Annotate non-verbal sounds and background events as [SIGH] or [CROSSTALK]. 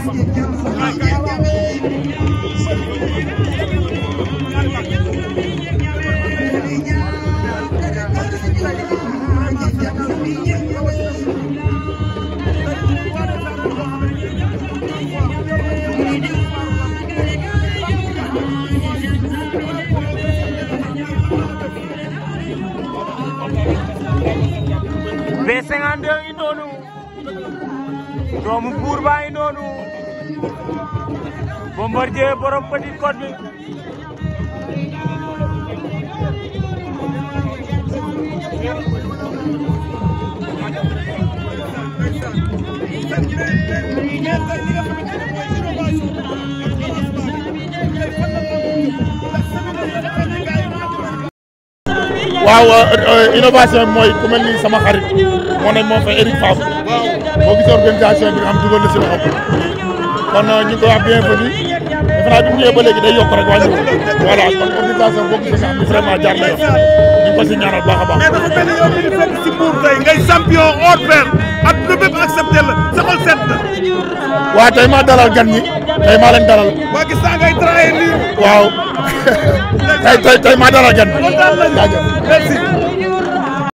B52 ngi noonu doomu buur baa ngi noonu Bombardier borom Petite Côte bi Thank you. waaw euh, euh, innovation bi mooy ku mel ni sama xarit moo ne fa Eric Fass boo gisee organisation bi nga dugal na si loxo kon euh, ñu ngi wax bienvenue defe naa bi mu ñëwee ba léegi day yokk rek wàññi voilà kon organisation boo gisee ne vraiment jaar na ñu ko si ñaanal baax a baax. mais dafa mel ni yow mi fekk si buur tey ngay champion hors pair ak lu bépp accepté la sa set na. waaw tey maa dalal gan ñi tey maa leen dalal. waa gis naa ngay waaw [LAUGHS] tey tey tey maa dalal gan ñi. Let's